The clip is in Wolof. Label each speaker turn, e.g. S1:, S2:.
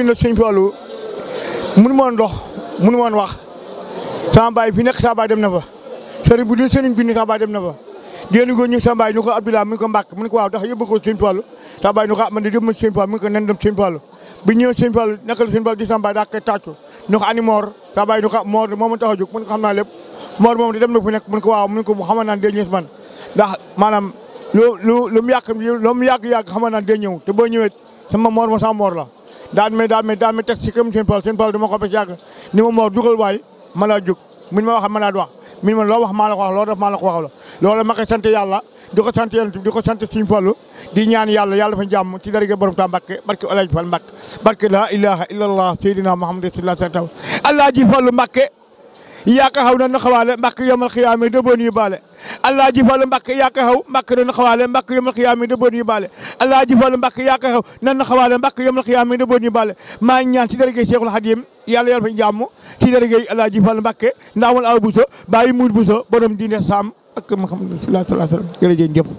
S1: dina sëñ Fallou mënu ma woon dox mënu ma woon wax sama baay fi nekk sama dem na fa sëriñ bu dul sëriñ bi ni sama baay dem na fa déen góor ñu sama baay ko Abdoulaye mu ko Mbàkke mu ne ko waaw ndax yóbbu ko sëñ Fallou sama baay ñu ko ah, man de yóbbu ma sëñ ko nen dem sëñ Fallou bi ñëw sëñ Fallou nekkal sëñ Fallou di sama baay daa koy tàccu ñu ko ani moor sama baay ñu ko ah, moor moo ma tax a jóg ko xam naa lépp moor moom de dem na fu nekk mu ne ko waaw mu ne ko xamal naa dee ñëw man ndax maanaam lu lu lu mu yàq lu mu yàgg-yàgg xamal naa dee ñëw te boo ñëwee daan may daal may daal may teg si këm seen Paul seen Paul dama ko ba yàgg ni ma moo jugal waay ma laa jug min ma wax ma laa wax min ma loo wax maa la ko wax loo def maa la ko wax la loolu ma koy sant yàlla di ko sant yonent bi di ko sant Sëriñ Fallu di ñaan yàlla yàlla dafa jàmm ci darige borom ta Mbàkke barke El Hadj Fall barke la ilaha illallah Seydina Muhammad sallallahu alayhi wa sallam El Hadj Fallu Mbàkke yaaka xaw na na xawaale mbàkk yomal xiyaame dëboon yu baale allah ji fal mbàkk yaaka xaw mbàkk na na xawaale mbàkk yomal xiyaame dëboon yu baale na na xawaale mbàkk yomal xiyaame dëboon yu baale maa ngi ñaan ci dérégé Cheikhul Khadim yàlla yàlla fa jàmm ci dérégé allah ji fal mbàkke ndaamal aw buso bàyyi muul buso borom diine saam ak Muhammad sallallahu alayhi wa sallam jërëjëf